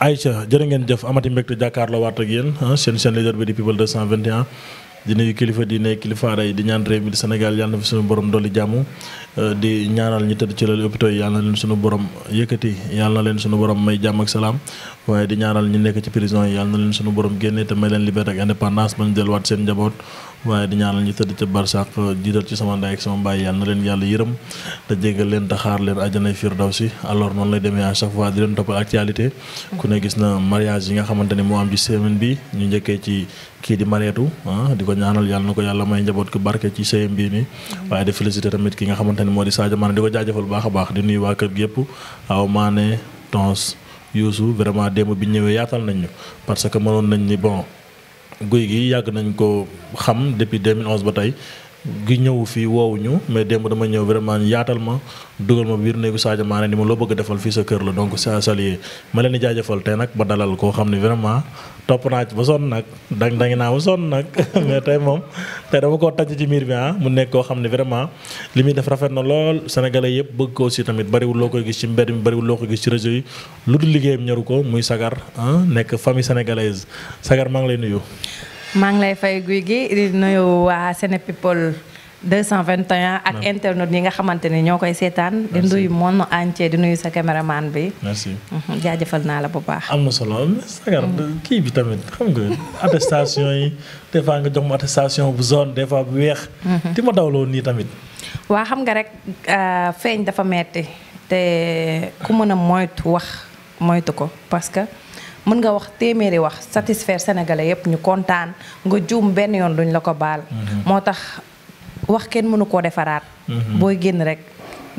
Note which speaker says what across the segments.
Speaker 1: ay Aïcha jërë ngeen jëf amati mbégte jàkkaarloo waat ak yéen ah, seen seen leader bi di people 221 di nuyu kilifa di ne kilifa aada yi di ñaan réew mi di Sénégal yàlla na fi suñu borom dolli jàmm ah, di ñaanal ñi tëdd ci la hôpitaux yi yàlla na leen suñu borom yëkkati yàlla na leen suñu borom may jàmm ak salaam waaye di ñaanal ñi nekk ci prison yi yàlla na leen suñu borom génnee te may leen liberté ak indépendance ba ñu delluwaat seen njaboot waaye di ñaanal ñu tëdd ca barsàq jiital ci sama ndaay ak sama mbaay yàlla na leen yàlla yërëm te jégal leen te xaar leen àjjanay firdawsi alors noonu lay demee à chaque fois di leen toppal actualité ku ne gis na mariage yi nga xamante ne moo am ci semaine bi ñu njëkkee ci kii di mareetu ah di ko ñaanal yàlla na ko yàlla may njaboot ku barke ci sëyam bi ni waaye di féliciter tamit ki nga xamante ne moo di Sadio Mané di ko jaajëfal baax baax di nuyu waa kër gi yëpp vraiment démb bi ñëwee yaatal nañ parce que mënoon nañ ni bon guy gi yàgg nañ ko xam depuis 2011 ba tey gi ñëw fii woowu ñu mais démb dama ñëw vraiment yaatal ma dugal ma biir néegu Sadio Mané ni ma loo bëgg defal fii sa kër la donc c'est à ma leen di jaajëfal tey nag ba dalal koo xam ne vraiment topp naa ci ba sonn nag dang dangi naa ba sonn nag mais tey moom tey dama koo tàcc ci miir bi ah mu nekk koo xam ne vraiment li muy def rafet na lool sénégalais yëpp bëgg koo si tamit bariwul loo koy gis ci mbedd mi bariwul loo koy gis ci réseau yi lu dul liggéeyam ñaru ko muy sagar ah nekk famille sénégalaise sagar maa ngi lay nuyu
Speaker 2: maa ngi lay fay guy gi di nuyu waa Sénépipol 221 ak internet yi nga xamante ni ñoo koy seetaan. di nuyu monde entier di nuyu sa caméraman bi. merci mhm, jaajëfal naa la bu baax.
Speaker 1: am na solo sagar mhm. kii bi tamit xam nga attestation yi des nga jox ma attestation bu zone des fois bu weex. ti mhm. ma dawloo nii tamit.
Speaker 2: waa xam nga rek euh, feeñ dafa metti te ku mën a moytu wax moytu ko parce que. mën nga wax téeméeri wax satisfaire sénégalais yëpp ñu kontaan nga juum benn yoon duñ la ko baal. Mm-hmm. moo tax wax kenn mënu koo defaraat. Mm-hmm. booy génn rek.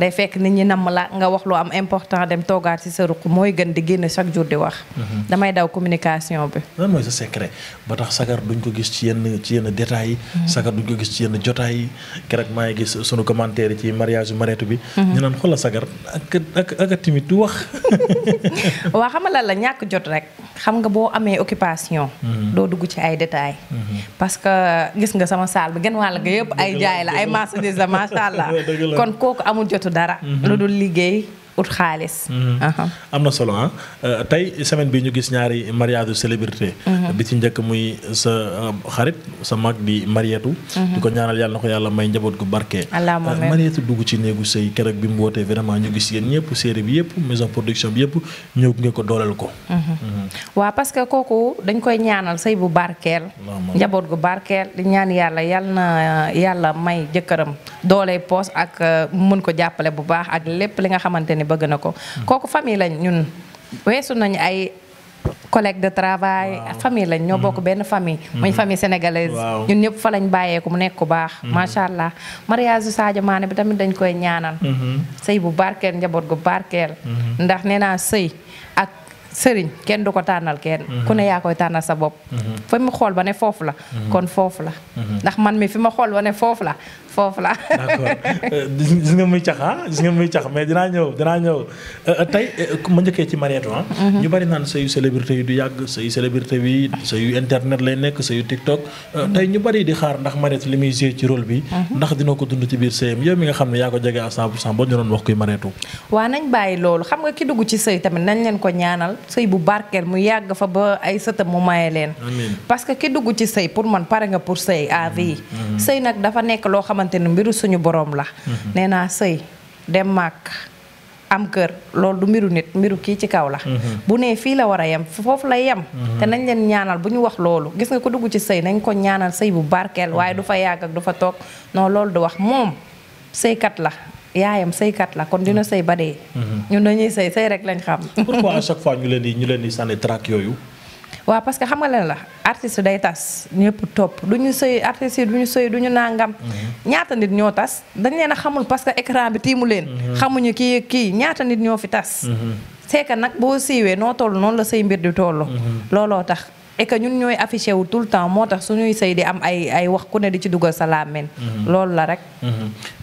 Speaker 2: day fekk nit ñi namm la nga wax lu am important dem toogaat ci sa ruq mooy gën di génn chaque jour di wax. Mhm. damay daw communication bi.
Speaker 1: mooy sa secret ba tax sagar duñ ko gis ci yenn ci yenn détails yi. Mhm. sagar duñ ko gis ci yenn jotaay yi keroog maa ngi gis sunu commentaire bi. Mhm. ñu naan xoolal du wax.
Speaker 2: waa xam nga la ñàkk jot rek xam nga boo amee occupation. doo dugg ci ay détails. parce que gis nga sama saal bi gën wàll nga yëpp ay jaay la ay marchandises la macha allah kon kooku amul jotu dara. Mhm. lu dul liggéey ut xaalis.
Speaker 1: Mhm. am na solo ah euh, tey semaine bi ñu gis ñaari mariage célébrité. Mhm. bi ci njëkk muy sa euh, xarit sa mag di Marietu. Mhm. di ko ñaanal yàlla na ko yàlla may njaboot gu barke. alaamaaleykum euh, Marietu dugg ci néegu sëy keroog bi mu wootee vraiment ñu gis production bi yëpp ñëw ngeen ko dooleel ko.
Speaker 2: waaw parce que kooku dañ koy ñaanal sëy bu barkeel. njaboot gu barkeel di ñaan yàlla yàlla may jëkkëram doole poos ak mën ko jàppale bu baax ak lépp li nga xamante ni bëgg na ko kooku famille lañ ñun weesu nañu ay collègue de travail famille lañ ñoo mm-hmm. bokk benn famille mm-hmm. muy famille sénégalaise ñun ñëpp fa lañ bàyyeeku mu nekk ku baax mm-hmm. macha allah mariage yu bi tamit dañ koy ñaanal sëy bu barkeel njaboot gu barkeel ndax nee naa sëy ak sëriñ kenn du ko tànnal kenn. Mhm. ku ne yaa koy tànnal sa bopp. Mhm. fa mu xool ba ne foofu la. Mhm. kon foofu la. ndax man mi fi ma xool ba foofu la foofu
Speaker 1: la. d'accord euh, gis nga muy cax ah gis nga muy cax mais dinaa ñëw dinaa ñëw euh, euh, tey ma njëkkee ci Marietou ah. ñu bari naan sëyu célébrité yi du yàgg sëyu célébrité bi sëyu internet lay nekk sëyu TikTok. tey ñu bari di xaar ndax Marietou li muy joué ci rôle bi. ndax dina ko dund ci biir sëyam yow mi nga xam ne yaa ko jege à 100% boo ñu doon wax kuy Marietou.
Speaker 2: waa nañ bàyyi loolu xam nga ki dugg ko ñaanal sëy bu barkeel mu yàgg fa ba ay sëtam mu maye leen parce que ki dugg ci sëy pour man pare nga pour sëy à mm-hmm. vie mm-hmm. sëy nag dafa nekk loo xamante ne mbiru suñu boroom la mm-hmm. nee naa sëy dem màkk am kër loolu du mbiru nit mbiru kii ci kaw la bu nee fii la war a yem foofu la yem te nañ leen ñaanal bu ñu wax loolu gis nga ko dugg ci sëy nañ ko ñaanal sëy bu barkeel waaye du fa yàgg ak du fa toog non loolu du wax moom sëykat la yaayam sëykat la kon dina sëy ba dee. Mm-hmm. ñun ñuy sëy sëy rek lañ xam. pourquoi à
Speaker 1: chaque fois ñu leen di ñu leen di sànni
Speaker 2: parce que xam nga leen la artiste day tas ñëpp topp du ñu sëy artiste yi du ñu sëy du ñu nangam. Mm-hmm. ñaata nit ñoo tas dañ leen a xamul parce que écran bi tiimu leen. Mm-hmm. xamuñu kii kii ñaata nit ñoo fi tas. c'est nag boo siiwee noo toll noonu la say mbir di toll. looloo tax. et que ñun ñooy affiché wu tout le temps moo tax suñuy sëy di am ay wax ku ne di ci dugal sa làmmiñ mhm. loolu la rek.
Speaker 1: Mhm.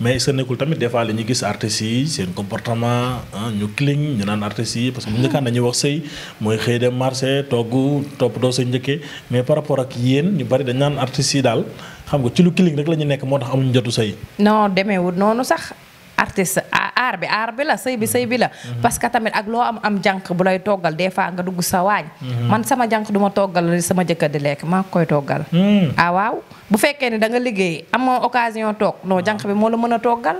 Speaker 1: mais est-ce que nekkul tamit des fois la ñu gis artistes yi seen comportement ñu cling ñu naan artistes yi parce que bu mhm. njëkkaan dañuy wax sëy mooy xëy dem marché togg toppatoo sa njëkkee mais par rapport ak yéen ñu bari dañ naan artistes yi daal xam nga ci lu cling rek la ñu nekk moo tax am jotu sëy.
Speaker 2: non demeewul noonu sax artiste aar bi aar bi la sëy bi sëy bi la mhm. parce que tamit ak loo am am jànq bu lay toggal des fois nga dugg sa waañ mhm. man sama jànq duma ma toggal sama jëkkër di lekk maa koy toggal mhm. ah waaw bu fekkee ne danga liggéey amoo occasion toog noo jànq bi moo la mën a toggal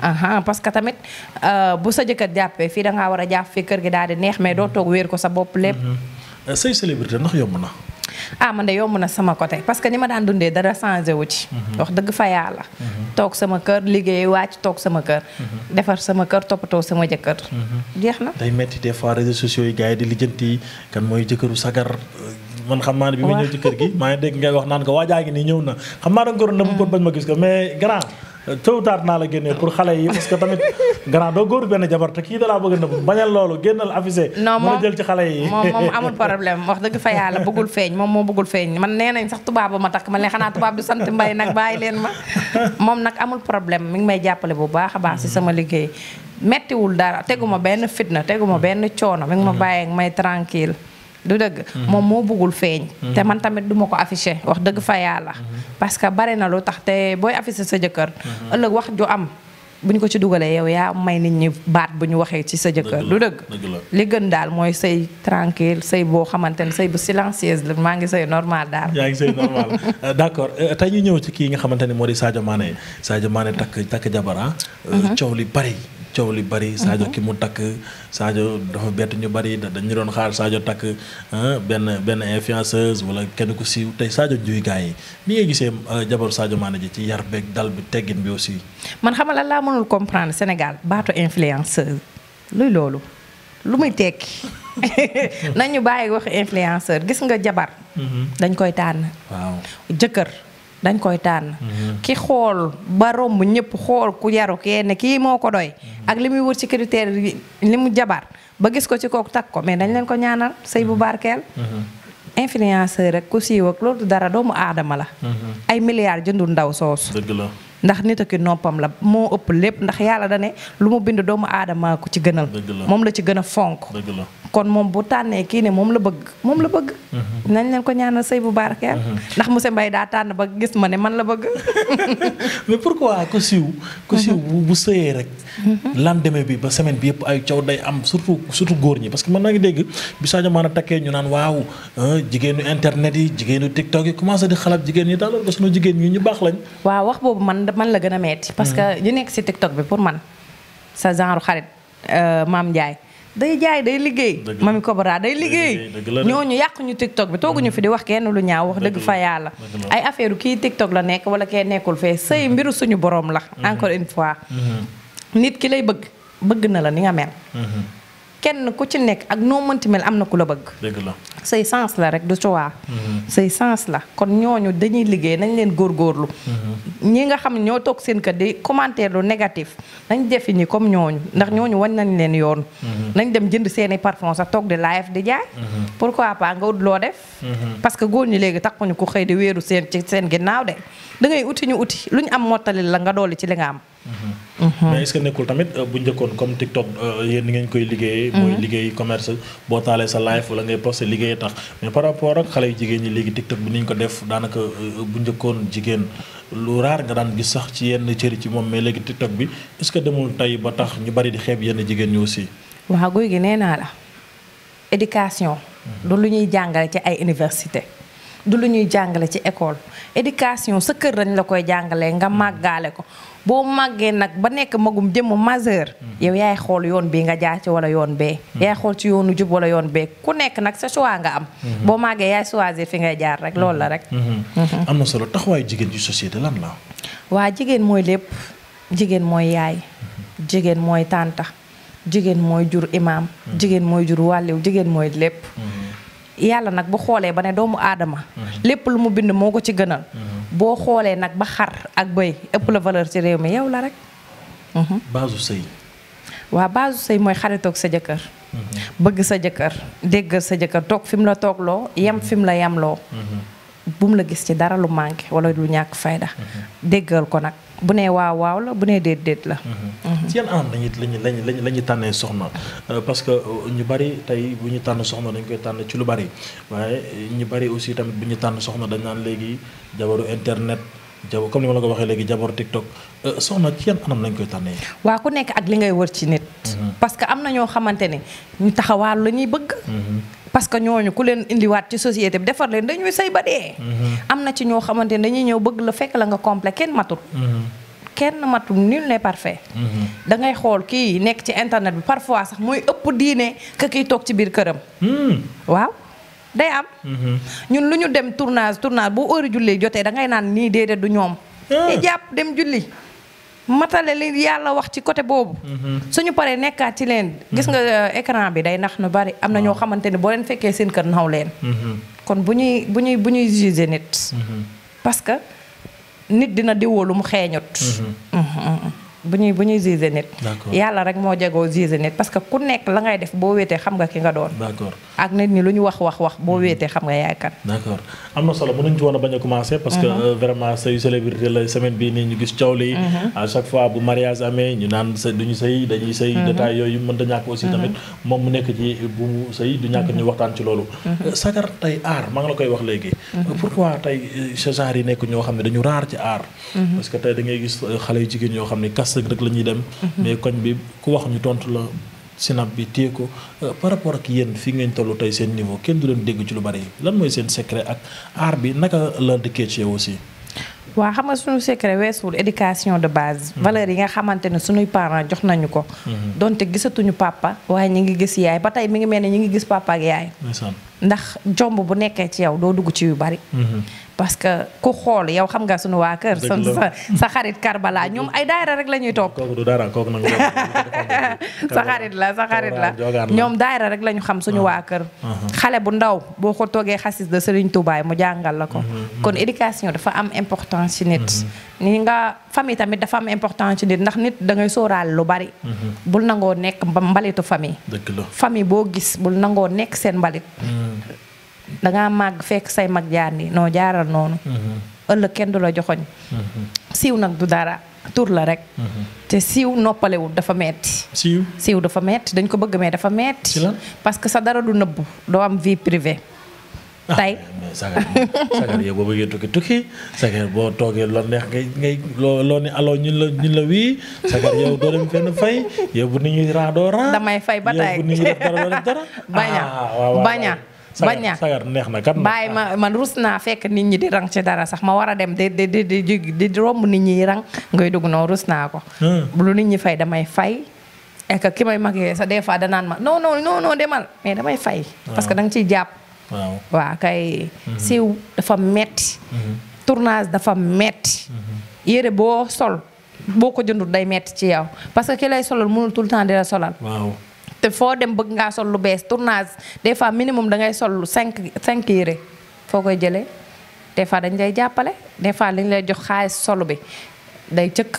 Speaker 2: aha parce que tamit euh, bu sa jëkkër jàppee fii da ngaa war a jàpp fii kër gi daal di neex mais doo toog wéer ko sa bopp lépp
Speaker 1: euh, sëy célébrité ndax yomb na
Speaker 2: ah man de yomb na sama côté parce que ni ma daan dundee dara changé wu ci. Mhm. wax dëgg fa yàlla. Mhm. toog sama kër liggéey wàcc toog sama kër. Mhm. defar sama kër toppatoo sama jëkkër. jeex na
Speaker 1: day metti des fois réseaux sociaux yi gars yi di lijjanti kan mooy jëkkëru sagar. man xam bi ma ñëw ci kër gi maa ngi dégg ngay wax naan ko waajaa ngi nii ñëw na xam naa da nga ko doon mm. bañ ma gis ko mais grand. tôt ou tard naa la génnee pour xale yi parce que tamit grand doo góor benn jabar te kii da laa bëgg a nëbb bañal loolu génnal affiché. non moom jël ci xale yi. moom moom amul
Speaker 2: problème wax dëgg fa yàlla bëggul feeñ moom moo bëggul feeñ man nee nañ sax tubaab ba ma takk man leen xanaa tubaab du sant mbay nag bàyyi leen ma moom nag amul problème mi ngi may jàppale bu baax a baax si sama liggéey. mettiwul dara teguma benn fitna teguma benn coono mi ngi ma bàyyeeg may tranquille du dëgg mhm. moom moo bëggul feeñ mhm. te man tamit du ma ko affiché wax dëgg fa yàlla mhm. parce que bare na lu tax te booy affiché sa jëkkër ëllëg wax ju am bu ñu ko ci dugalee yow yaa may nit ñi baat bu ñu waxee ci sa jëkkër lu dëgg li gën daal mooy sëy tranquille sëy boo xamante ne sëy bu silencieuse la maa ngi sëy normal daal yaa ngi sëy normal
Speaker 1: euh, d'accord euh, ñu ñëw ci kii nga xamante ne moo di Sadio maane Sadio maane takk takk jabar ah. euh, coow li bari coow li bari Sadio mhm. ki mu takk Sadio dafa bett ñu bari dañu doon xaar Sadio takk ah, benn benn influenceuse wala kenn ku siiw tey Sadio juy yi ni ngay gisee euh, jabaru Sadio Mané ji ci yar beeg dal bi teggin bi aussi.
Speaker 2: man xam la laa mënul comprendre Sénégal baatu influenceuse luy loolu lu muy tekki nañu bàyyi wax influenceur gis nga jabar. Mhm. dañ koy tànn. waaw jëkkër. dañ koy tànn. Mm-hmm. ki xool ba romb ñëpp xool ku yaru kenn kii moo ko doy. Mm-hmm. ak li muy wut ci critère yi li mu jabar ba gis ko ci kooku takk ko mais dañ leen ko ñaanal sëy bu mm-hmm. barkeel. influenceur rek ku siiw ak loolu dara doomu aadama la. ay milliards jëndul ndaw soosu. ndax nit ak noppam la moo ëpp lépp ndax yàlla da ne lu mu bind doomu aadama ko ci gënal. moom la ci gën a fonk. kon moom bu tànnee kii ne moom la bëgg moom la bëgg. Mm-hmm. nañ leen ko ñaanal sëy bu barkeel. Mm-hmm. ndax monsieur Mbaye daa tànn ba gis ma ne man la bëgg.
Speaker 1: mais pourquoi ku siiw. ku siiw mm-hmm. bu bu sëyee rek. lan lendemain bi ba semaine bi yëpp ay coow day am surtout surtout góor ñi parce que man naa ngi dégg bi Sadio a takkee ñu naan waaw jigéenu internet yi jigéenu TikTok yi commencé di xalaat jigéen ñi daal ba sunu jigéen ñi ñu baax lañ.
Speaker 2: waaw wax boobu man man la gën a metti parce que ñu nekk si TikTok bi pour man sa genre xarit euh, Maam Ndiaye. day jaay day liggéey Mamy Cobra day liggéey ñooñu yàq ñu TikTok bi tooguñu mm. fi di wax kenn lu ñaaw wax dëgg fa yàlla ay affaire kii TikTok la nekk wala kee nekkul fee sëy mm-hmm. mbiru suñu borom la mm-hmm. encore une fois mm-hmm. nit ki lay bëgg bëgg na la ni nga mel kenn ku ci nekk ak noo mënti mel am na ku la bëgg. dëgg say sens la rek du choix. Mm-hmm. say sens la kon ñooñu dañuy liggéey nañ leen góor góorgóorlu.
Speaker 3: Mm-hmm.
Speaker 2: ñi nga xam ñoo toog seen kër di commentaire lu négatif nañ défini comme ñooñu ndax ñooñu wan nañ leen yoon. Mm-hmm. nañ dem jënd seen i parfum sax toog di live di jaay. pourquoi pas nga ut loo def. parce que góor ñi léegi takkuñu ku xëy di weeru seen ci seen ginnaaw de da ngay uti ñu uti lu ñu am mottali la nga dolli ci li nga am.
Speaker 1: Mm-hmm. mais est-ce nekkul tamit euh, bu njëkkoon comme TikTok euh, yéen ni ngeen koy liggéeyee. Mm-hmm. mooy liggéey commerce boo taalee sa live wala ngay posté liggéey tax mais par rapport ak xale yu jigéen ñi léegi TikTok bi ni ñu ko def daanaka euh, bu njëkkoon jigéen lu raar nga daan gis sax ci yenn cëri ci moom mais léegi TikTok bi est-ce que demul tey ba tax ñu bari di xeeb yenn jigéen ñi aussi.
Speaker 2: waaw guy gi nee naa la éducation. Mm-hmm. du lu ñuy jàngale ci ay université du lu ñuy jàngale ci école éducation sa kër lañ la koy jàngalee nga màggaale ko boo màggee nag ba nekk magum jëmm majeur mm-hmm. yow yaay xool yoon bii nga jaar ci wala yoon bee mm-hmm. yaay xool ci yoonu jub wala yoon bee ku nekk nag sa choix nga am mm-hmm. boo màggee yaay choisir fi ngay jaar
Speaker 1: rek loolu la rek am na solo taxawaayu jigéen ci société lan la
Speaker 2: waa jigéen mooy lépp jigéen mooy yaay jigéen mooy tànta jigéen mooy jur imaam jigéen mooy jur wàlliw jigéen mooy lépp yàlla nag bu xoolee ba ne doomu aadama mhm. lépp lu mu bind moo ko ci gënal mhm. boo xoolee nag ba xar ak bëy ëpp la valeur ci réew mi yow la rek
Speaker 1: mhm. baasu sëy
Speaker 2: waa baasu sëy mooy xaritoog sa jëkkër bëgg sa jëkkër déggal sa jëkkër toog fi mu la toogloo yem fi mu la yemloo bum la gis ci dara lu manqué wala lu ñàkk fayda déggal ko nag bu ne waaw waaw la bu nee déet déet la.
Speaker 1: Mm-hmm. Mm-hmm. ci yan anam lañuy lañuy lañuy lañuy tànnee soxna euh, parce que euh, ñu bari tey bu ñu tànn soxna dañ koy tànn ci lu bari waaye ñu bari aussi tamit bu ñu tànn soxna dañ naan léegi jabaru internet. jabo comme ni ma la ko waxee léegi jaboor TikTok euh, soxna ci yan anam lañ koy tànnee.
Speaker 2: waa ku nekk ak li ngay wër ci nit. Mm-hmm. parce que am na ñoo xamante ne ñu taxawaal la ñuy bëgg. parce que ñooñu ku leen indiwaat ci société bi defar leen dañuy say ba dee. Mm-hmm. am na ci ñoo xamante ne dañuy ñëw bëgg la fekk la nga complet kenn matul. Mm-hmm. kenn matul nul n'est parfait. Mm-hmm. da ngay xool kii nekk ci internet bi parfois sax mooy ëpp diine ka kiy toog ci biir këram. Mm. waaw day am. ñun lu ñu dem tournage tournage boo heure julli jotee da ngay naan nii déedéet du ñoom. Ah. di jàpp dem julli. matale li yàlla wax ci côté boobu. Mhm. suñu paree nekkaat ci leen. gis nga mhm. euh, écran bi day nax nu bari am na ñoo xamante ni boo leen fekkee seen kër naw leen. Mhm. kon bu ñuy bu ñuy bu ñuy juger nit. parce que nit dina diwoo lu mu xeeñut. bu ñuy bu ñuy juger nit yàlla rek moo jegoo juger nit parce que ku nekk la ngay def boo wéetee xam nga ki nga doon ak nit ñi lu ñu wax wax wax boo mm-hmm. wéetee xam nga yaay kan
Speaker 1: am na solo a mu nekk ci bu mu sëy du ñàkk ñu mm-hmm. waxtaan ci loolu mm-hmm. sagar tey aar maa ngi la koy wax léegi pourquoi tey euh, sa yi nekk ñoo xam ne dañu raar ci aar parce que tey da gis euh, xale yu jigéen ñoo xam ne kas sëg rek ñuy dem. Mhm. mais koñ bi ku wax ñu tontu la sinap bi téye ko euh, par rapport ak yéen fi ngeen toll tey seen niveau kenn du leen dégg ci lu bari lan mooy seen secret ak aar bi naka la dëkkee ci yow aussi.
Speaker 2: waaw xam nga suñu secret weesuwul éducation de base. Mhm. valeur yi nga xamante ne suñuy parent jox nañu ko. Mhm. donte gisatuñu papa waaye ñu ngi gis yaay ba tey mi ngi mel ni ñu ngi gis papa ak yaay. ndax jomb bu nekkee ci yow doo dugg ci yu bari. parce que ku xool yow xam nga suñu waa kër. sa xarit Karbala ñoom ay daayira rek la ñuy toog.
Speaker 1: kooku du la sa xarit la ñoom
Speaker 2: daayira rek la ñu xam suñu ah. waa kër. Ah. Ah. xale bu ndaw boo ko toogee xasis de Serigne Touba mu jàngal la ko. Mm-hmm, mm-hmm. kon éducation dafa am importance ci nit. Mm-hmm. ni nga famille tamit dafa am important ci nit ndax nit da ngay sóoraal lu bari. bul nangoo nekk mbalitu famille. famille boo gis bul nangoo nekk seen mbalit.
Speaker 3: Mm.
Speaker 2: danga ngaa màgg fekk say mag jaandi noo jaaral noonu. Mm-hmm. ëllëg kenn du la joxoñ
Speaker 3: mm-hmm.
Speaker 2: siiw nag du dara tur la rek. Mm-hmm. te siiw noppalewul dafa metti siiw siiw dafa metti dañ ko bëgg mais dafa metti parce que sa dara du nëbbu doo am vie privée.
Speaker 3: Ah, tey sagar
Speaker 1: yow boo bëggee tukki tukki sagar boo toogee loo neex ngay ngay loo loo ni allo ñun la wii sagar yow doo dem fenn fay yow bu nit ñi raa doo raa damay
Speaker 2: fay ba tey yow
Speaker 1: ah, bu bañ ñaax sagar neex na kat bàyyi
Speaker 2: ma man rus naa fekk nit ñi di rang ci dara sax ma war a dem di di di di di romb nit ñi ran ngay dugg noonu rus naa ko. Hmm. lu nit ñi fay damay fay. et que ki may mag yooyu sax des fois danaan ma non non non non demal mais damay fay. parce que da nga ciy jàpp. waaw kay. Hmm. siiw dafa metti hmm. tournage dafa metti yére boo sol boo ko jëndul day metti ci yaw parce que ki lay solal mënul tout le temps di la solal. te foo dem bëgg ngaa sol lu bees tournage des fois minimum da ngay sol lu cinq cinq yére foo koy jëlee des fois dañ lay jàppale des fois dañ lay jox xaalis solo bi day cëkk.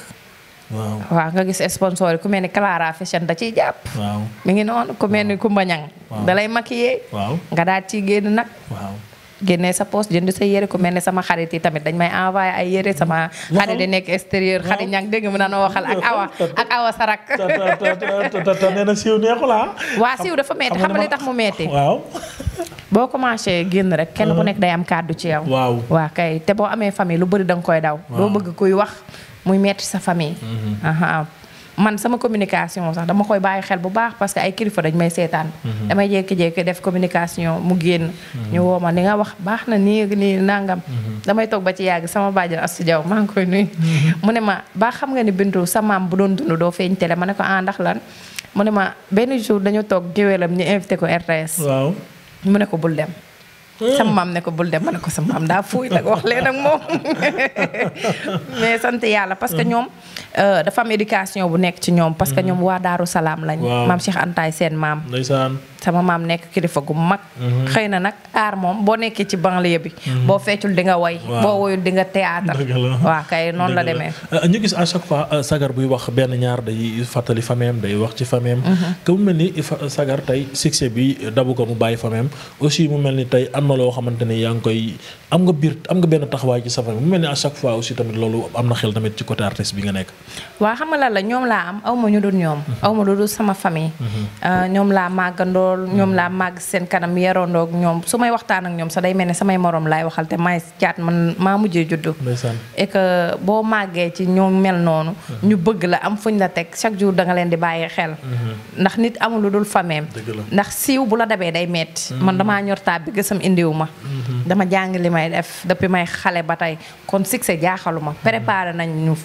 Speaker 2: waaw nga gis sponsor yi ku mel ni Clara Fashion da ciy jàpp. waaw mi ngi noonu ku mel ni Kumba Ñang da lay nga daal ci génn nag. génnee sa poos jënd sa yére ku mel ne sama xarit yi tamit dañ may envoyé ay yére sama xarit di nekk extérieur xarit ñaa ngi dégg mu naan waxal ak awa ak awa sarak ta nee na siiw neexul ah waa siiw dafa metti xam nga tax mu metti boo commencé génn rek kenn ku uh-huh. nekk day am kàddu ci yow waaw waa kay te boo amee famille lu bëri danga koy daw doo bëgg kuy wax muy metti sa famille
Speaker 3: mm-hmm.
Speaker 2: man sama communication sax dama koy bàyyi xel bu baax parce que ay kilifa dañ may seetaan. Mhm. damay jékki-jékki def communication mu génn. Mhm. ñu woo ma ni nga wax baax na nii nii nangam. Mhm. damay toog ba ci yàgg sama bàjjen Astou Diaw maa ngi koy nuyu. mu ne ma baa xam nga ni bintu sa maam bu doon dund doo feeñ télé ma ne ko ah ndax lan mu ne ma benn jour dañu toog géwélam ñu invité ko RTS. waaw mu ne ko bul dem. sama maam ne ko bul dem ma ne ko sama maam daa fuuy nag wax leen ak moom mais sant yàlla parce que ñoom euh, dafa am bu nekk ci ñoom parce que ñoom waa Daaru Salaam lañ maam Cheikh Antaay seen maam ndeysaan sama maam nekk kilifa gu mag. Mhm. xëy na nag aar moom boo nekkee ci banlieue bi. Mhm. boo feccul di nga way. boo woyul di nga théâtre. kay noonu la demee.
Speaker 1: Euh, ñu gis à chaque fois euh, sagar buy wax benn ñaar day fàttali fameem day wax ci fameem. Mhm. que mu mel ni sagar tey succès bi dabu ko mu bàyyi fameem aussi mu mel ni tey am na loo xamante ni yaa ngi koy am nga biir am nga benn taxawaay ci sa famille mu mel ni à chaque fois aussi tamit loolu am na xel tamit ci côté artiste bi nga nekk.
Speaker 2: waaw xam nga la ñoom laa am aw ma ñu dul ñoom. aw ma dul sama famille. Euh, lool mm-hmm. ñoom laa màgg seen kanam yarandoo ak ñoom su may waxtaan ak ñoom sax day mel ni samay morom laay waxal te maay caat man maa mujjee juddu. et que boo màggee ci ñoom mel noonu. Mm-hmm. ñu bëgg la am fuñ la teg chaque jour da nga leen di bàyyi xel.
Speaker 3: Mm-hmm.
Speaker 2: ndax nit amul lu dul fameem ndax siiw bu la dabee day metti man damaa ñor taab bi gësam indiwu ma. dama jàng li may def depuis may xale ba tey kon succès jaaxalu ma préparé nañ ñu.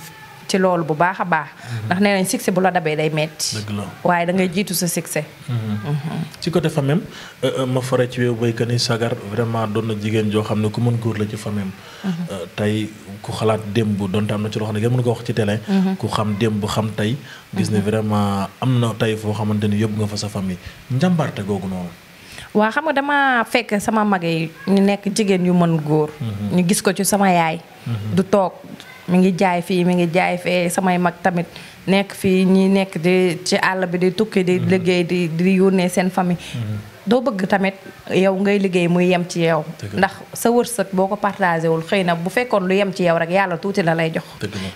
Speaker 2: ci loolu bu baax a baax. ndax nee nañ succès bu la dabee day metti dëgg la waaye da ngay jiitu sa succès.
Speaker 1: Mhm. ci de famem euh, euh, ma fare ci wew béykat yi sagar vraiment doon na jigéen joo xam ne ku mën góor la ci famem. Mhm. Euh, tey ku xalaat démb donte am na ci loo xam ne mën ko wax ci télé. Mhm. ku xam démb xam tey. gis ne vraiment am na tey foo xamante ni yóbbu nga fa sa famille njàmbaarte googu noonu.
Speaker 2: waa xam nga dama fekk sama mag yi ñu nekk jigéen yu mën góor. ñu gis ko ci sama yaay. du toog mi ngi jaay fii mi ngi jaay fee samay mag tamit nekk fii ñi nekk di ci àll bi di tukki di mm-hmm. liggéey di di yónnee seen famille mm-hmm. doo bëgg tamit yow ngay liggéey muy yem ci yow ndax sa wërsëg boo ko partagé wul xëy na bu fekkoon lu yem ci yow rek yàlla tuuti la lay jox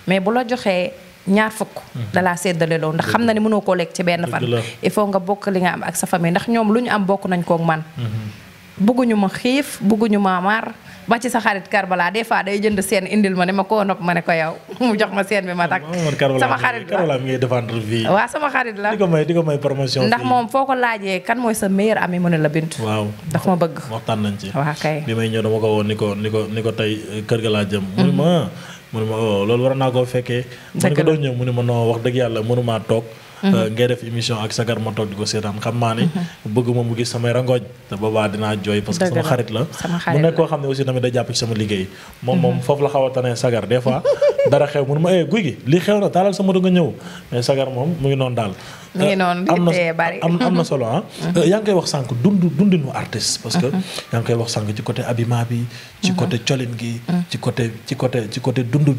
Speaker 2: mais bu la joxee ñaar fukk mm-hmm. dalaa séddale loolu ndax xam na ne mënoo koo lekk ci benn fan il faut nga bokk li nga am ak sa famille ndax ñoom lu ñu am bokk nañ koog man bëgguñu ma xiif bëgguñu ma mar ba ci sa xarit Karbala des fois day jënd seen indil ma ne ma koo nopp ma ne ko yow mu jox ma seen bi ma takk
Speaker 1: ah, sama xarit la mi ngay défendre fii waaw ndax moom
Speaker 2: foo ko laajee kan mooy sa meilleur ami mu ne la Bintu
Speaker 1: waaw daf ma bëgg wax nañ ci waaw kay bi may ñëw dama ko woo ni ko ni ko ni ko tey eh, kër ga laa jëm mu ne mhm. ma mu ne ma oh, loolu war naa koo fekkee mu ne ko doon ñëw mu ne ma noo wax dëgg yàlla mënumaa toog Euh, mhm. ngay def émission ak sagar ma toog di ko seetaan xam maa ni mhm. bëgguma mu gis samay rangooñ te boobaa dinaa jooy parce que sama xarit la mu nekk koo xam ne aussi tamit da jàpp ci sama liggéey moom mhm. moom foofu la xaw a tane sagar des dara xew mënu ma ee eh, guy gi lii xew na taalal sama nga ñëw mais sagar moom mu ngi noonu daal mu euh, am na solo ah euh, yaa ngi koy wax sànq dund dundinu artiste parce que yaa ngi koy wax sànq ci côté habillement bi ci côté colin gi ci côté ci côté ci côté dund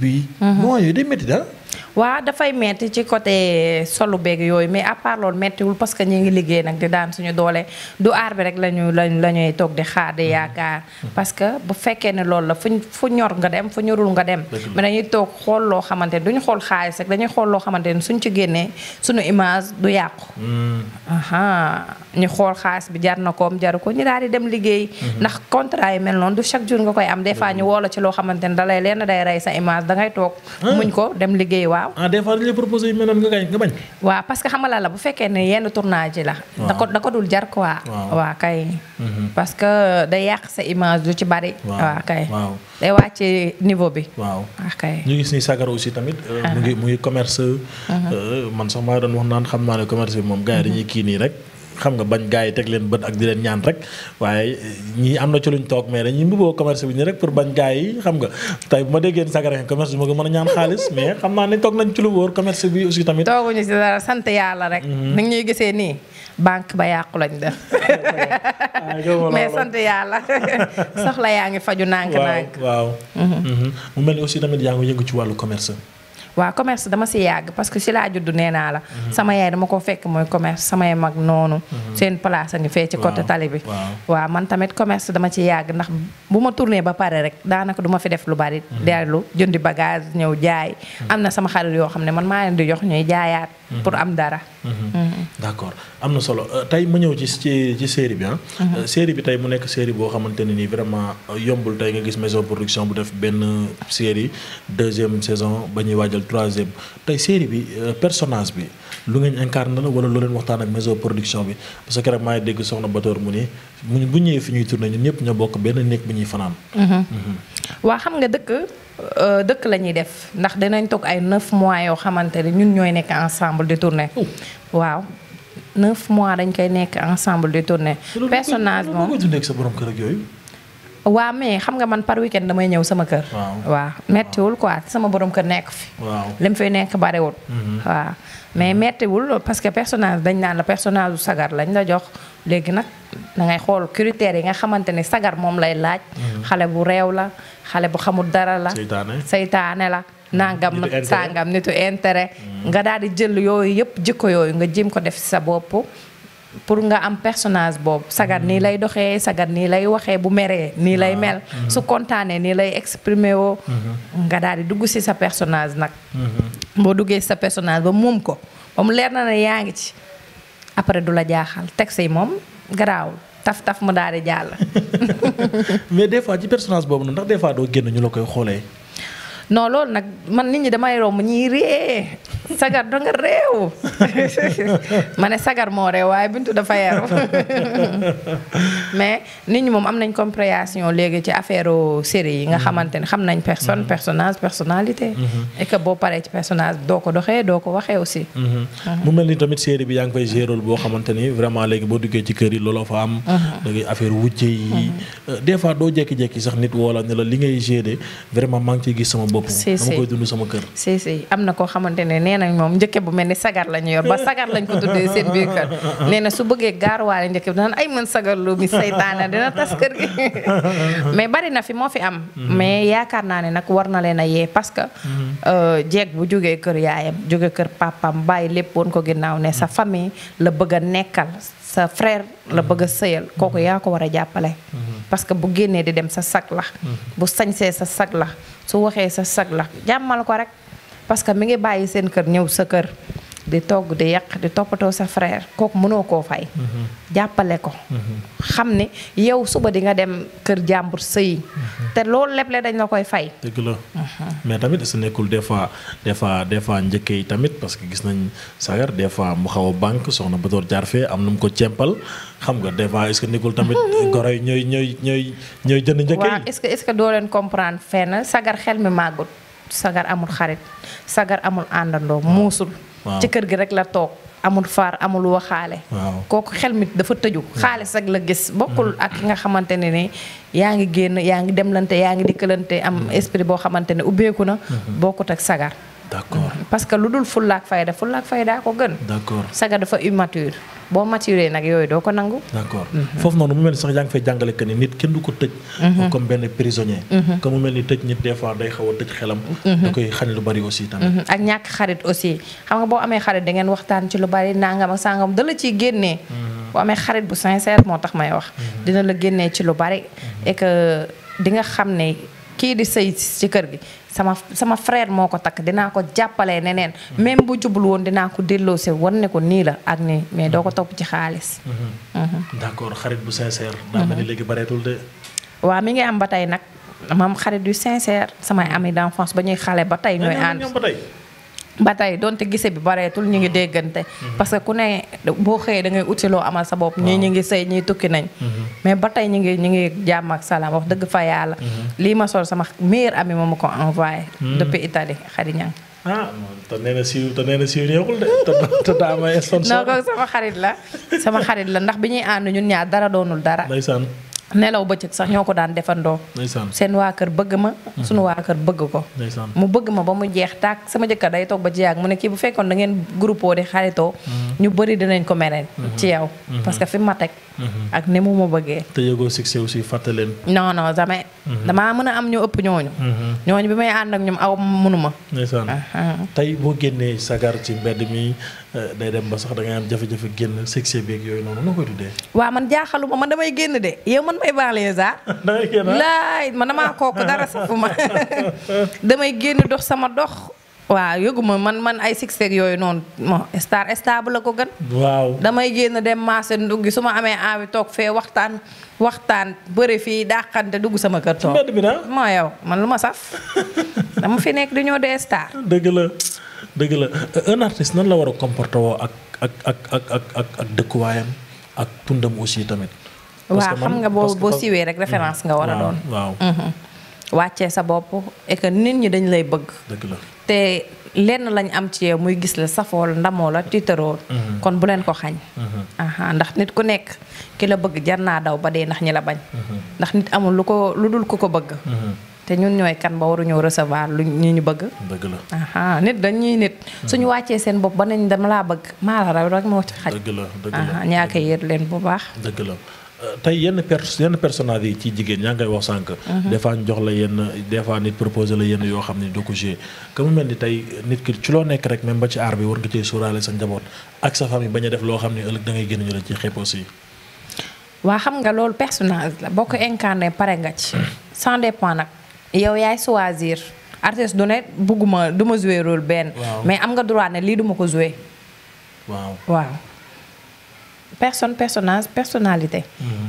Speaker 2: waa dafay metti ci côté solu beeg yooyu mais à part loolu mettiwul parce que ñu ngi liggéey nag di daan suñu doolee du aar bi rek lañu lañ la ñuy toog di xaar di mm-hmm. yaakaar parce que bu fekkee ne loolu la fuñ fu ñor nga dem fu ñorul nga dem mais dañuy toog xool loo xamante ne duñu xool xaalis rek dañuy xool loo xamante ne suñ ci génnee suñu image du yàqu mm. aha ñu xool xaalis bi jar na koom jaru ko ñu daal di dem liggéey mm-hmm. ndax contrat yi mel noonu du chaque jour nga koy am des fois ñu woo ci loo xamante ne da leen day rey sa image da ngay toog ah. muñ waaw. ah des fois dañu lay proposé yu mel nga gañ nga bañ. waaw parce que la bu fekkee ne yenn tournage yi la. da ko da ko dul jar quoi. waaw kay. Mhm. parce que day yàq sa image du ci bari. waaw kay day wàcce niveau bi. waaw ah, kay
Speaker 1: ñu gis ni sagar aussi tamit. Euh, ah. mu ngi mu ngi commerce. Mhm. Euh, man sax maa doon wax naan xam naa ne commerce bi moom gars dañuy kii nii rek. xam nga bañ gars yi teg leen bët ak di leen ñaan rek waaye ñii am na ci luñ toog mais dañuy mbuboo commerce bi nii rek pour bañ gars yi xam nga tey bu ma déggee Sagaram commerce bi ma ko mën a ñaan mais xam naa ne toog nañ ci lu wóor commerce bi aussi tamit. tooguñu si dara sant yàlla rek. Mhm. ni ñuy gisee nii banque ba yàqu lañ def.
Speaker 2: Ah, mais sant yàlla soxla yaa ngi faju nànk nànk
Speaker 1: waaw waaw mhm. Mhm. mu mel ni aussi tamit yaa ngi yëngu ci wàllu commerce
Speaker 2: waa commerce dama ci yàgg parce que si laa juddu nee naa la. Mhm. sama yaay dama koo fekk mooy commerce samay mag noonu. Mhm. seen place a ngi fee ci côté tali bi. waaw man tamit commerce dama ci yàgg ndax bu ma tourné ba pare rek daanaka du fi def lu bari. Mhm. dellu jëndi bagage ñëw jaay. am na sama xarit yoo xam ne man maa leen di yox ñuy jaayaat. pour am dara.
Speaker 1: d'accord am na solo euh, tey ma ñëw ci ci ci série bi ah. Mhm. Euh, série bi tey mu nekk série boo xamante ne nii vraiment yombul tey nga gis maison production bu def benn série deuxième saison ba ñuy waajal troisième tey série bi euh, personnage bi lu ngeen incarné la wala lu leen waxtaan ak maison production bi parce que keroog maa ngi dégg soxna Batoor mu ni mu bu ñëwee fi ñuy tourné ñun ñëpp ñoo bokk benn néeg bu ñuy fanaan. Mhm. Mhm.
Speaker 2: waa xam nga dëkk dëkk lañuy def ndax danañ toog ay neuf mois yoo xamante ne ñun ñooy nekk ensemble di tourné oh. waaw. neuf mois dañ koy nekk ensemble di tourner. personnage moom loolu
Speaker 1: sa borom kër ak yooyu.
Speaker 2: mais xam nga man par weekend damay ñëw sama kër. waa mettiwul quoi sama borom kër nekk fi. waaw li mu fay nekk barewul. Mhm. waaw mais mettiwul parce que personnage dañ naan la personnage du sagar lañ la jox léegi nag da ngay xool critères yi nga xamante ne sagar moom lay laaj. Mhm. xale bu reew la xale bu xamul dara la. seytaane la. nangam sangam nitu intérêt nga daal di jël yooyu yëpp jikko yooyu nga jim ko def ci sa bopp pour nga am personnage boobu sagar nii lay doxee sagar nii lay waxee bu meree nii lay ah. mel mm-hmm. su kontaanee nii lay exprimer woo
Speaker 3: mm-hmm.
Speaker 2: nga daal di dugg ci sa personage nag
Speaker 3: mm-hmm.
Speaker 2: boo duggee ci sa personnage ba moom ko ba mu leer na ne yaa ngi ci après du la jaaxal teg yi moom garaaw taf taf mu daal di jàll
Speaker 1: mais des fois ci personnage boobu noonu ndax des fois doo génn ñu la koy xoolee
Speaker 2: non loolu nag man nit ñi damay romb ñii ree sagar da nga réew ne sagar moo réew waaye bintu dafa yaru mais nit ñi moom am nañ compréhension léegi ci affaire série yi nga mhm. xamante ne xam nañ personne mhm. personnage personnalité mhm. et boo paree ci personnage doo ko doxee doo ko waxee aussi mu
Speaker 1: mel ni tamit série bi yaa ngi fay gérer boo xamante ni vraiment léegi boo duggee ci kër yi looloo fa am da affaire wujje yi euh, des fois doo jékki-jékki sax nit woola ne li ngay gérer vraiment maa ngi ciy gis sama boppam. dama koy
Speaker 2: dund am na koo xamante ne nee nañ moom njëkke bu mel ni sagar la ñu yor ba sagar lañ ko tuddee seen biir kër nee na su bëggee gaaruwaale njëkke bi daan ay mën sagar lu mi seytaane dina tas kër gi mais bari na fi moo fi am. mais yaakaar naa ne nag war na leen a yee parce que. Euh, jeeg bu jógee kër yaayam jógee kër papam bàyyi lépp woon ko ginnaaw ne sa famille la bëgg a nekkal sa frère la bëgg a sëyal kooku yaa ko war a jàppale. Mm-hmm. parce que bu génnee di dem sa sag la. Mm-hmm. bu sañsee sa sag la. su waxee sa sag la jàmmal ko rek parce que mi ngi bàyyi seen kër ñëw sa kër di togg di yàq di toppatoo sa frère kooku mënoo koo fay. Mhm. jàppale ko. Mhm. xam ne yow suba di nga dem kër jàmbur sëyi. Mhm. te loolu lépp dañ la koy fay.
Speaker 1: dëgg la mais tamit su nekkul des fois des fois des fois njëkk yi tamit parce que gis nañ sagar des fois mu xaw banque soxna ba door jaar fee am nu mu ko cempal xam nga des fois est que nekkul tamit. goro yi ñooy ñooy ñooy ñooy jënd njëkk yi. waaw
Speaker 2: est-ce que est-ce que doo leen comprendre fenn sagar xel mi màggut sagar amul xarit sagar amul àndandoo ah. muusul. ci kër gi rek la toog amul faar amul waxaale kooku xel mi dafa tëju hmm. xaalis rek la gis bokkul hmm. ak ki nga xamante ne ne yaa ngi génn yaa ngi demlante yaa ngi dikkalante am hmm. esprit boo xamante ne ubbeeku na bokkut ak sagar d'accord parce que lu dul fullaak fayda fullaak fayda ko gën. d'accord saga dafa immature boo maturé nag yooyu doo ko nangu.
Speaker 1: d'accord mhm. foofu noonu mu mel ni sax yaa ngi fay jàngale que ni nit kenn du ko tëj. Mhm. comme benn prisonnier. Mhm. comme mu mel ni tëj nit des fois day xaw a tëj xelam. da koy xañ lu bari aussi tamit.
Speaker 2: ak ñàkk xarit aussi xam nga boo amee xarit da waxtaan ci lu bari nangam ak sangam da la ciy génnee. boo amee xarit bu sincère moo tax may wax. dina la génnee ci lu bari. et nga xam ne. kii di sëy ci kër gi sama sama frère moo ko takk dinaa ko jàppale neneen même bu jubul woon dinaa ko delloose wan ne ko nii la ak nii mais doo ko topp ci xaalis mhm. Mhm.
Speaker 1: d'accord xarit bu sincère daa mel ni mhm. léegi bareetul de
Speaker 2: waaw mi ngi am ba tey nag mam xarit yu sincère samay ami d'enfance ba ñuy xale ba tey ñooy ànd ba tey donte gise bi bareetul ñu ngi déggante. Mhm. parce que ku ne boo xëyee dangay ngay uti loo amal sa bopp. ñii ñu ngi sëy ñii tukki nañ. Mhm. mais ba tey ñu ngi ñu ngi jàmm ak salaam wax dëgg fa yàlla. Mhm. lii ma sol sama meilleur ami moom ma ko envoyé. depuis Italie Khady ah,
Speaker 1: te nee siiw te nee siiw neexul de te daa may sponsor. non
Speaker 2: kooku xarit la sama xarit la ndax bi ñuy ànd ñun ñaar dara doonul dara. ndeysaan. nelaw bëccëg sax ñoo ko daan defandoo. seen waa kër bëgg ma. Mhm. sunu waa kër bëgg ko. mu bëgg ma ba mu jeex tàkk sama jëkkër day toog ba ci yàgg mu ne kii bu fekkoon da ngeen groupe di xaritoo. Mhm. ñu bëri dinañ ko mereen. Mhm. ci yow. parce que fi ma ak ni mu ma bëggee.
Speaker 1: te yëgoo succès aussi fàtte leen.
Speaker 2: non non jamais. Mhm. damaa mën a am ñu ëpp ñooñu. Mhm. ñooñu bi may ànd ak ñoom aw mënuma.
Speaker 1: ndeysaan tey boo génnee sagar ci mbedd mi eh, day dem ba sax da ngay am jafe-jafe génn succès beeg yooyu noonu noo koy tuddee.
Speaker 2: waaw man jaaxaluma man damay génn de yow man may baalee saa. Ah? laay man damaa kooku dara sax damay génn dox sama dox. waaw yëguma man man ay succès yooyu noonu mo star stable la ko gën. waaw damay génn dem marché ndugg su ma amee envie toog fee waxtaan waxtaan bëri fii dàqante dugg sama kër toog. moo yow man lu ma saf dama fi nekk di ñoo dee star.
Speaker 1: dëgg la dëgg la un artiste nan la war a comporter woo ak ak ak ak ak ak dëkkuwaayam ak tundam aussi tamit. waaw xam nga boo boo siwee rek référence nga war a doon. waaw
Speaker 3: mhm.
Speaker 2: wàccee sa bopp et nit ñi dañ lay bëgg. te lenn lañ am ci yow muy gis la safoo la ndamoo la tiitaroo mhm. kon bu leen ko xañ
Speaker 3: mhm.
Speaker 2: ndax nit ku nekk ki la bëgg jar naa daw ba dee ndax ñi la bañ mhm. ndax nit amul lu ko lu dul ku ko bëgg te ñun ñooy kan ba waruñoo recevoir lu ñu ñu bëgg dëgg la nit dañuy nit suñu wàccee seen bopp ba nañ dama laa bëgg maa la raw rek moo ci xaj dëgg la leen bu baax
Speaker 1: dëgg tey yenn per yenn personnage yi ci jigéen ñaa ngi koy wax sànq. Mhm. des fois ñu jox la yenn des fois nit proposé la yenn yoo xam ne doo ko joué que mu mel ni tey nit ki ci loo nekk rek même ba ci aar bi war nga cee suuraale sa njaboot ak sa famille bañ a def loo xam ne ëllëg da ngay ñu la ci xeeb aussi.
Speaker 2: waa xam nga loolu personnage la boo ko mm. incarné pare nga ci. Mm. sans dépend nag yow yaay choisir artiste du ne bugguma du ma joué benn. mais am nga droit ne lii du ko joué. waaw waaw. personne personnage personnalité.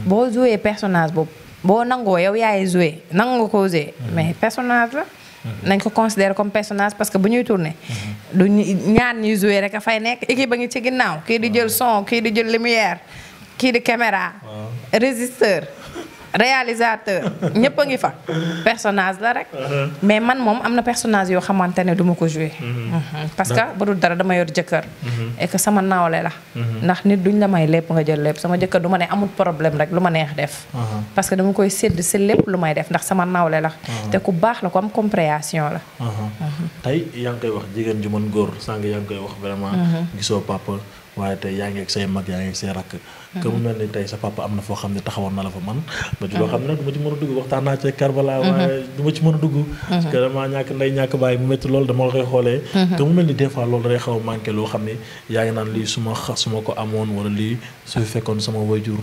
Speaker 2: boo joué personnage boobu boo nangoo yow yaay joué nangoo nga koo mm-hmm. mais personnage la. Mm-hmm. nañ ko consider comme personnage parce que bu ñuy tourné. Mm-hmm. du ñaar ñuy joué rek a fay nekk équipe ba ngi ci ginnaaw. kii di jël ah. son kii di jël lumière kii di caméra. Ah. régisseur. réalisateur ñëpp a ngi fa personnage la rek uh-huh. mais man moom am na personnage yoo xamante ne du ma ko joué uh-huh. mm-hmm. parce que bu dul dara dama yor jëkkër
Speaker 3: uh-huh. et
Speaker 2: que sama naawle la ndax nit duñ la may lépp nga jël lépp sama jëkkër du ma ne amul problème rek lu ma neex def parce que dama koy sédd si lépp lu may def ndax sama naawle la te ku baax la ko am compréhension la
Speaker 1: mm-hmm. tey yaa ngi koy wax jigéen ju mën góor sàng yaa ngi koy wax vraiment mm-hmm. gisoo papa waaye tey yaa ngi que mun na ne tey sa papa am na foo xam ne taxawoon na la fa man ba ci loo ah. xam ne ma a dugg waxtaan naa ci Karbala mhm. ma ci a dugg mhm. parce que damaa ñàkk ndey koy xoolee que mu mel ni a loo xam ne yaa ngi naan lii su ma su ma ko amoon wala lii su fekkoon sama wayjur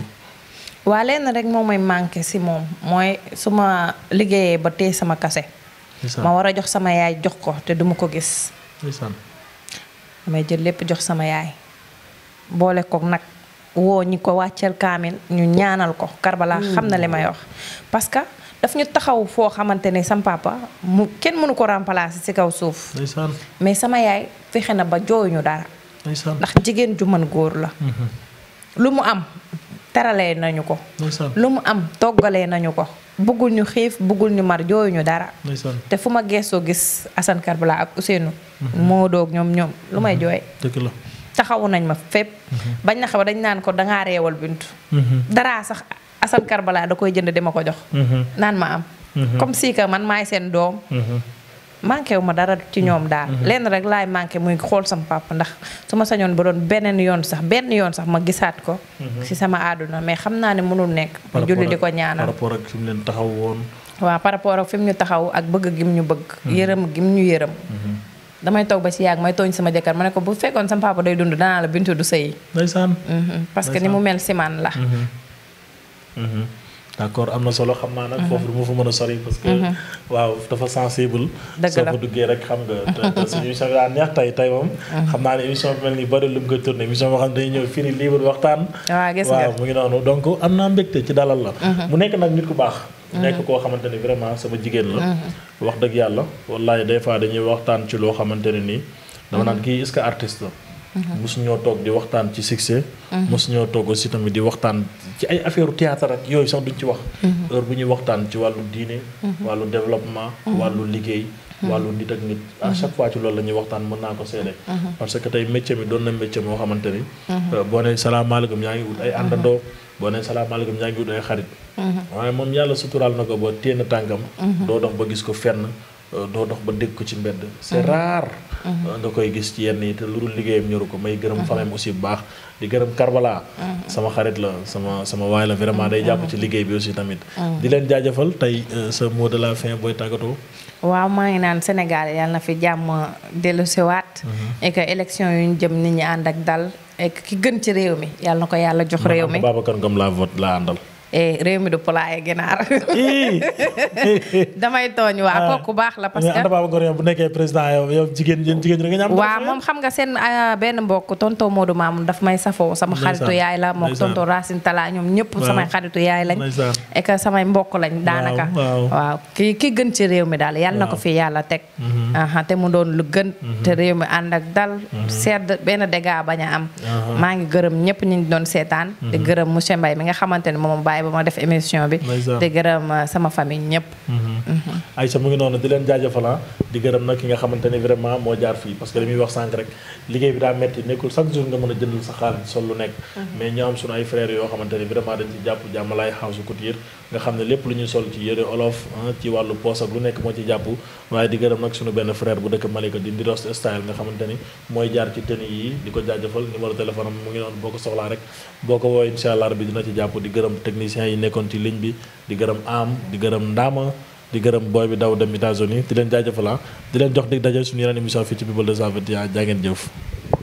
Speaker 2: waa leen rek moo may manqué si moom mooy su ma liggéeyee ba tey sama kase ma war a jox sama yaay jox ko te duma ko gis damay jël lépp jox sama yaay boole koog nag woo ñi ko wàcceel kaamil ñu ñaanal ko Karbala hmm. xam na li may wax parce que daf ñu taxaw foo xamante ne sam mu kenn mënu ko remplacer ci kaw suuf mais sama yaay fexe na ba jooyu ñu dara ndax jigéen ju mën góor la
Speaker 3: hmm.
Speaker 2: lu mu am terale nañu ko lu mu am toggale nañu ko bëggul ñu xiif bëggul ñu mar jooyu ñu dara te fu ma geesoo gis Assane Karbala ak Ousseynou hmm. moo doog ñoom ñoom lu may jooy dëgg taxawu nañ ma fépp. Mhm. bañ na xaw dañ naan ko dangaa reewal bintu. Mhm. daraa sax Assane Karbala da koy jënd dama ko jox. Mhm. naan ma am. comme si man maay seen doom. manqué wu ma dara ci ñoom daal. lenn rek laay manqué muy xool sama papa ndax su ma sañoon bu doon beneen yoon sax benn yoon sax ma gisaat ko. si sama àdduna mais xam naa ne mënul nekk. ma julli di ko ñaanal par rapport ak fi par rapport ak ñu taxaw ak bëgg gim ñu bëgg. yërëm gim ñu yërëm. damay toog ba ci yàgg may tooñ sama jëkkër ma ne ko bu fekkoon sama papa day dund danaa la bintu du sëy ndeysaan mm-hmm. parce que ni mu mel si man la
Speaker 1: mm-hmm. Mm-hmm. d'accord am na solo xam naa nag foofu du mën a sori parce que waaw dafa sensible soo ko duggee rek xam nga te suñu émission bi daa neex xam naa ne émission bi mel ni bëri lu mu koy tourné émission boo xam ne dañuy ñëw firi libre waxtaan
Speaker 2: waaw
Speaker 1: mu ngi noonu donc am naa mbégte ci dalal la mu nekk nag nit ku baax nekk koo xamante ni vraiment sama jigéen la. wax dëgg yàlla wallaay des fois dañuy waxtaan ci loo xamante ne nii. dama naan kii est-ce que artiste toog di waxtaan ci succès. mosu ñoo toog aussi tamit di waxtaan ci ay affaire théâtre ak yooyu sax duñ ci wax. heure bu ñuy waxtaan ci wàllu diine. wàllu développement. wàllu liggéey. wàllu nit ak nit à chaque fois ci loolu la ñuy waxtaan mën naa ko seede. parce que tey métier mi doon na métier moo xamante ni. Euh, boo nee salaamaaleykum yaa ngi wut ay àndandoo. boo nee ñaa yaa ngi wut xarit. Mhm. waaye moom yàlla suturaal na ko ba téen a tànkam. Mhm. doo dox ba gis ko fenn doo dox ba dégg ko ci mbedd. c'est mhm. rare. nga koy gis ci yenn yi te lu dul liggéeyam ñoru ko may gërëm famem aussi bu baax di gërëm Karbala. sama xarit la sama sama waay la vraiment day jàpp ci liggéey bi aussi tamit. di leen jaajëfal tey sa euh, mot de la fin booy tàggatoo.
Speaker 2: waaw maa ngi naan senegal yàlla na fi jàmm dellusiwaat. waat que élection yu ñu jëm nit ñi ek ki gën ci réew mi yàlla na ko yàlla jox réew mi
Speaker 1: Babacar Ngom laa vote laa àndal
Speaker 2: Eh, réew mi du pulaaye ginaar
Speaker 1: damay
Speaker 2: tooñ waa ah. kooku baax la parce que
Speaker 1: bu nekkee président yow yow jigéen yéen moom
Speaker 2: xam nga seen ah, benn mbokk tonto du Mamoun daf may safoo sama xaritu yaay la moo tonto Racine Talla ñoom ñëpp samay xaritu yaay lañ et que samay mbokk lañ daanaka waaw ki ki gën ci réew mi daal yàlla na ko fi yàlla teg mhm. te mu doon lu gën mhm. te réew mi ànd ak dal mhm. sedd benn dégât bañ a am maa ngi gërëm ñëpp ñu doon seetaan di gërëm monsieur Mbaye mi nga xamante ne moom bàyyi ba ma def émission bi. di gërëm euh, sama famille ñëpp. Mm-hmm. Mm-hmm.
Speaker 1: Aïcha mu ngi noonu di leen jaajëfala ah. di gërëm nag ki nga xamante vraiment moo jaar fii parce que li muy wax sànq rek liggéey bi daa metti nekkul chaque jour nga mën a jëndal sa xaalis sol lu nekk. Mm-hmm. mais ñu am sunu ay frères yoo xamante vraiment dañ ci jàpp jàmm laay xaasu couture nga xam ne lépp lu ñuy sol ci yëre olof ah, ci wàllu poos ak lu nekk moo ci jàpp waaye di gërëm nag suñu benn frère bu dëkk Malika di Ndiros style nga xamante ni mooy jaar ci tenue yi di ko jaajëfal numéro téléphone am mu ngi noonu boo ko soxlaa rek boo ko woo incha allah bi dina ci jàpp di gërëm techniciens yi nekkoon ci ligne bi di gërëm am di gërëm ndaama di gërëm booy bi daw dem États-Unis di leen jaajëfalaa ah. di leen jox dig daje suñu yeneen émission fii ci People 221 ngeen jëf